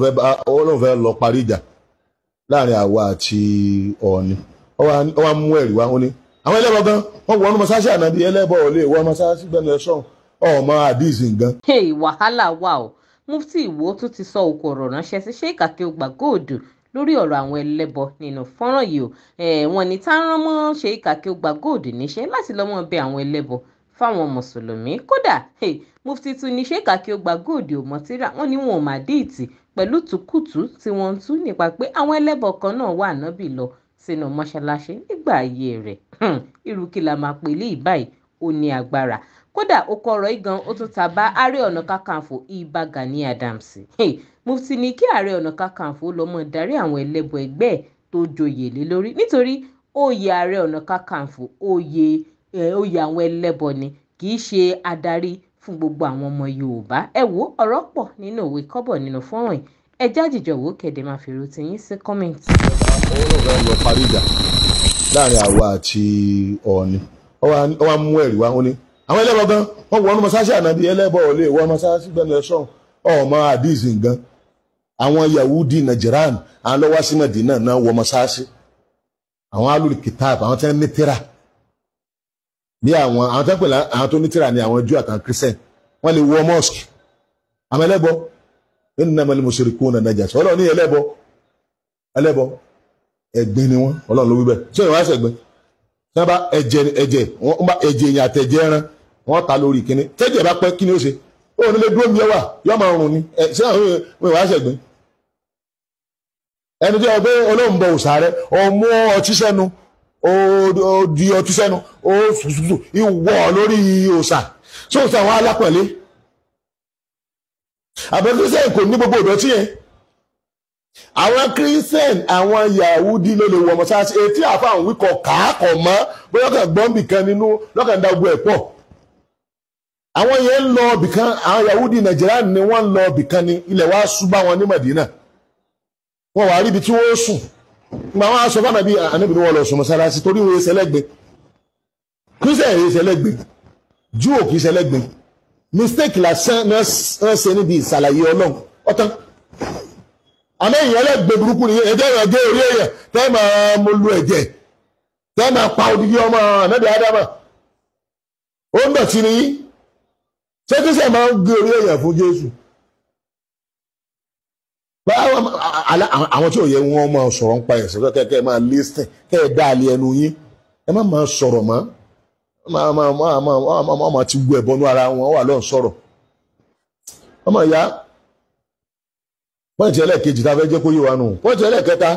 ọlọ́run fẹ́ lọ parí ìjà láàrin àwa àti ọ̀ọ̀ni ó wá mú ẹ̀rí wá ó ní àwọn ẹlẹ́bọ̀ gan wọ́n wọnú mọ́sáṣí ànábì ẹlẹ́bọ̀ ò lè wọ mọ́sáṣí gbẹ́nu ẹ̀ṣọ́ ọmọ àdìsí gan. wàhálà wà o mufti Iwo tún ti sọ òkò ọ̀rọ̀ ránṣẹ́ sí Sheikh Akeugba Gold lórí ọ̀rọ̀ àwọn ẹlẹ́bọ nínú fọ́nrán yìí o wọ́n ní tá ń rán mọ́ Sheikh Akeugba Gold níṣẹ́ láti lọ́mọ bẹ àwọn ẹlẹ́bọ fáwọn mùsùlùmí kódà mufti tún ní sheik akíọgbà góòdì òmọtírà wọn ni wọn ò má dé ìtì pẹ̀lú tùkùtù tí wọ́n ń tú nípa pé àwọn ẹlẹ́bọ kan náà wà nábì lọ sínú mọ́ṣáláṣí nígbà ayé rẹ̀ hmm, irú kí la máa pè lé ìbáyìí ó ní agbára kódà okọ̀ ọ̀rọ̀ igan ó tún ta bá ààrẹ ọ̀nà kakanfò ibà Gani Adams mufti ní kí ààrẹ ọ̀nà kakanfò lọ́mọ darí àwọn ẹlẹ́bọ ẹgbẹ́ tó joyè lé lórí nítorí oyè ààrẹ ọ̀nà kakanfò oyè oyè àwọn ẹlẹ́bọ ni kì í ṣe adarí fún gbogbo àwọn ọmọ Yorùbá ẹ wo ọ̀rọ̀ pọ̀ nínú òwe kọ́bọ̀ nínú fọ́nrán yìí ẹ jájìjọ wò kẹ̀dẹ̀ máa fi èrò tiyín sí kọ́mẹ̀ntì. owó náà fẹ́ẹ́ lọ parí ìjà láàrin àwa àti Ọọ̀ni ó wá mú ẹ̀rí wá ó ní àwọn ẹlẹ́bọ gan wọ́n wọnú mọ́sáàsì ànábì ẹlẹ́bọ ò lè wọ́n mọ́sáàsì gbẹ̀lẹ̀ sọ̀hún ọmọ àdìsí gan àwọn Yahudi Nàìjíríàn àwọn lọ́wọ́ sí Mẹ́dínà náà wọ mọ́sáàsì àwọn alùpùpù kìtàbù àwọn tẹ́ ní tẹ́ra ní àwọn àwọn tẹ́pẹ̀ àwọn tó ní tírà ní àwọn Júù àtàwọn Christian wọ́n lè wọ mosque àmọ́ ẹlẹ́bọ innamal mushrikuna najasun ọlọ́run ní ẹlẹ́bọ ẹlẹ́bọ ẹ̀gbin ni wọ́n ọlọ́run ló wí bẹ́ẹ̀ tí wọ́n wá sẹ̀gbẹ́ tí wọ́n bá ẹ̀jẹ̀ ẹ̀jẹ̀ wọ́n bá ẹ̀jẹ̀ èèyàn àtẹ̀jẹ̀ ẹran wọ́n ta lórí kíní tẹ́jẹ̀ bá pẹ́ kíní ó ṣe ó nílé dúró mi wà máa rùn ni ṣé àwọn ìwé wá ẹni tí wọ́n gbé olóhùn bọ̀ ọmọ ọtí sẹ́nu ó di ọtí sẹ́nu ó sùsùsù ìwọ lórí òòṣà tí òòṣà wọn alápẹ̀lé àbẹ̀ christian kò ní gbogbo ìdọ̀tí yẹn àwọn christian àwọn yahudi ló lè wọ ọmọ sáà sí etí àfa wíkọ kàákọ̀ mọ́ bóyá ọkàn gbọ́n bìkan nínú dá yahudi nàìjíríà ni wọn ń lọ ni ilẹ̀ wa ṣú bá wọn ní Madina wọn wà tí gbà wọn aṣọ fún àbí ànábì ni wọn lọ sùn mọ́sálásí torí wọn èsẹ̀ lẹ́gbẹ̀ kírísẹ̀ èsẹ̀ lẹ́gbẹ̀ júò kírísẹ̀ lẹ́gbẹ̀ mistake lásán náà ṣe níbi ìsàlàyé ọlọ́run ọ̀tán àmọ́ èèyàn ẹlẹ́gbẹ̀ẹ́ burúkú ni ẹ̀jẹ̀ rẹ̀ gé orí èèyàn tẹ́ máa mo lu ẹ̀jẹ̀ tẹ́ máa pa odidi ọmọ ànábì ádámà ó ń dọ̀tí ni yín ṣé kírísẹ̀ máa ń gé orí èèyàn fún Jésù báwa ala àwọn tí ò yẹ wọn máa sọ̀rọ̀ ń pa ẹ̀sìn kẹ́ máa listen kẹ́ ẹ dá alẹ́ ẹnu yín ẹ má máa máa ti wú ẹ̀bọnú ara wọn wà sọrọ sọ̀rọ̀ ọmọ ìyá pọ́ǹtì ẹlẹ́ẹ̀kejì tá a fẹ́ jẹ́ kó yé wa nù pọ́ǹtì ẹlẹ́ẹ̀kẹta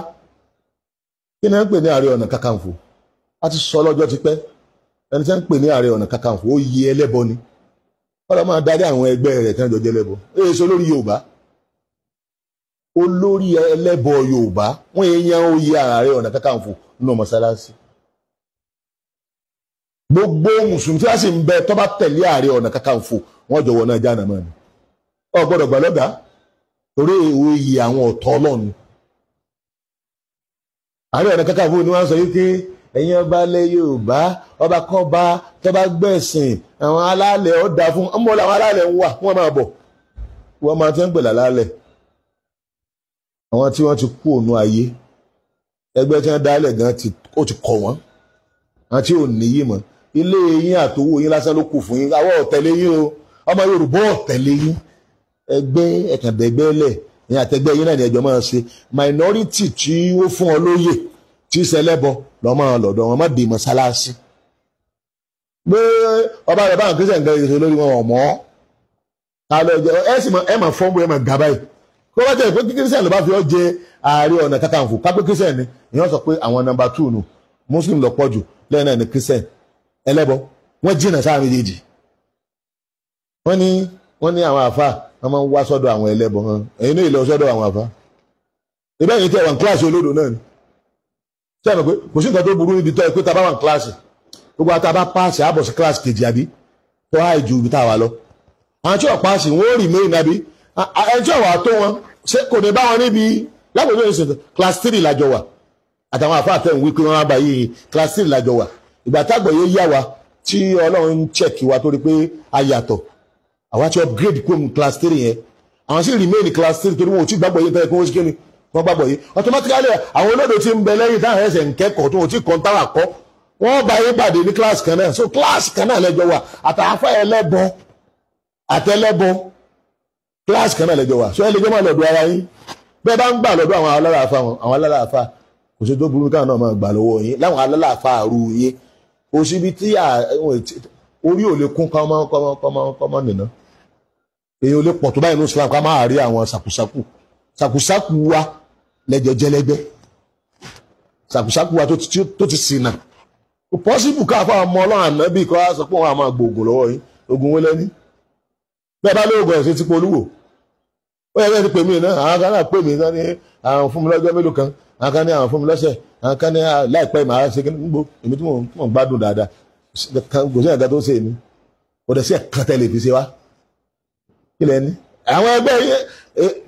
kí ni ẹ ń pè ní ààrẹ ọ̀nà kakanfò a ti sọ lọ́jọ́ ti pẹ́ ẹni tí ń pè ní ọ̀nà ó yẹ ẹlẹ́bọ ni máa darí àwọn olórí ẹlẹ́bọ yorùbá wọ́n èèyàn oyè Ààrẹ Ọ̀nà Kakanfò nínú mọ́sálásí gbogbo mùsùlùmí tí wọ́n sì ń bẹ tó tẹ̀lé Ààrẹ Ọ̀nà náà ni ọ gbọ́dọ̀ gbà torí oyè àwọn ọlọ́run Ààrẹ Ọ̀nà ni wọ́n sọ yìí pé ẹ̀yin ọba alẹ́ yorùbá ọba gbẹ̀sìn àwọn alálẹ̀ ọ̀dà fún ọmọ làwọn alálẹ̀ ń àwọn tí wọ́n ti kú ònú ayé ẹgbẹ́ tí wọ́n dálẹ̀ gan ó ti kọ̀ wọ́n àwọn tí ò níyì mọ́ ilé yín àtòwò yín lásán ló kù fún yín àwọn ọ̀tẹ̀lé yín o ọmọ Yorùbá ọ̀tẹ̀lé yín ẹgbẹ́ ẹ̀kàndẹ̀gbẹ́ lẹ̀ ní àtẹgbẹ́ yín náà ní ẹjọ́ máa ṣe minority tí ó fún ọ lóyè tí sẹlẹ́bọ lọ́mọ lọ́dọ̀ wọn má dé mọ́sálásí pé ọba rẹ̀ báwọn kristian gan ìṣòlórí wọn ọ̀mọ́ ẹ sì mọ ẹ mà fọ́nbù ẹ mà gà báyìí tó bá jẹ́ pé kírísítẹ̀ ló bá fi ọ́ jẹ ààrẹ ọ̀nà kakanfò kápẹ́ kírísítẹ̀ ni ìyẹn sọ pé àwọn nọ́mbà tù nù muslim lọ pọ̀ jù lẹ́yìn náà ni kírísítẹ̀ ẹlẹ́bọ wọ́n jìnnà sáà méjèèjì wọ́n ní wọ́n ní àwọn àfa wọ́n máa ń wá sọ́dọ̀ àwọn ẹlẹ́bọ ẹ̀yin náà ìlọ sọ́dọ̀ àwọn àfa ibẹ̀ yìí tẹ̀ wà ní olódò náà ni ṣé àmì pé kò sí nǹkan tó burú níbi tó ẹ pé tá a bá wà ní kíláàsì gbogbo àti àbá páàsì àbọ̀ sí kíláàsì kejì àbí tó háì ju ibi tá a wà lọ àwọn tí wọ́n páàsì wọ́n rí mẹ́rin àbí ẹni tí wọ́n tó wọn ṣé kò ní bá wọn níbi lákòókò ìṣètò class three làjọ wà àtàwọn àfáà tẹ̀ ń wí bá yìí class three làjọ wà ìgbà tágbọ̀yé yá wa tí ọlọ́run ń check wa torí pé a yàtọ̀ àwa ti upgrade kó mu class three yẹn àwọn sì remain class three torí wọn ò tí gbàgbọ́ yé tẹ́lẹ̀ kí wọ́n ṣe kíni wọ́n gbàgbọ́ yé automatically àwọn olódò ti ń bẹ lẹ́yìn táwọn ẹ̀sẹ̀ ń kẹ́kọ̀ọ́ tó wọn ti kàn táwọn àkọ́ wọ́n bá yé pàdé ní class kan náà so class kan náà lẹ́jọ́ wa àtàwọn afá ẹlẹ́bọ àtẹlẹ́bọ kíláàsì kan náà lẹ́jọ́ wà ṣé ẹ lè jọ máa lọ́dọ̀ ara yín bẹ́ẹ̀ bá ń gbà lọ́dọ̀ àwọn alálàáfà àwọn alálàáfà kò sí tó burú káwọn náà máa gbà lọ́wọ́ yín láwọn alálàáfà àrù yín kò síbi tí orí ò lè kún kọ́mọ́kọ́mọ́kọ́mọ́ nìna èyí ò lè pọ̀ tó báyìí ní Islam ká máa rí àwọn sàkúsàkù sàkúsàkù wa lẹ́jọ́ jẹ́lẹ́gbẹ́ sàkúsàkù wa tó ti ṣìnà kò pọ́sibù káfọ́ ọmọ ọlọ́run ànábì kọ́ sọ pé òun àwọn àgbòògùn lọ́wọ́ yín ogun wọlé bẹ́ẹ̀ bá lóògùn ẹ̀sìn ti polówó ó yẹ kí pè mí náà àwọn kan náà pè mí náà ní àwọn fún mi lọ́jọ́ mélòó kan àwọn kan ní àwọn fún mi lọ́sẹ̀ àwọn kan ní láìpẹ́ màá ṣe kí nígbò èmi tí mò ń gbádùn dáadáa kò sí ẹ̀ka tó ṣe èmi kò dẹ̀ sí ẹ̀ka tẹ́lẹ̀ fi ṣe wá kí lẹ́ ní. àwọn ẹgbẹ́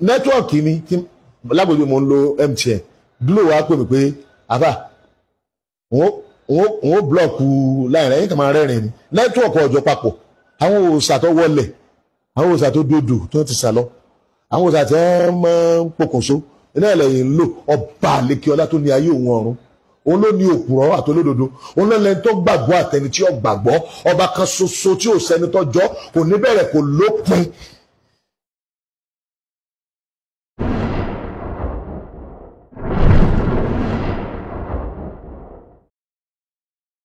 nẹ́tíwọ̀kì ni lábòjú mo ń lo MTN Glo wa pè mí pé àbá òun ó blọọkù láìrẹ́ yín kà máa rẹ́rìn ni nẹ́tíwọ̀kì ọ̀jọ̀ papọ̀ àwọn òòṣà tó wọlẹ̀ àwọn òòṣà tó dodo tó ti sà lọ àwọn òòsà tí wọ́n máa ń pokùnso iná ẹlẹ́yìn lò ọba àlekíọ́lá tó ní ayé òun ọ̀run òun ló ní òpùrọ̀ àtolódodo òun ló lẹni tó gbàgbọ́ àtẹni tí ó gbàgbọ́ ọba kan ṣoṣo tí ò sẹ́ni tó jọ kò ní bẹ̀rẹ̀ kò lópin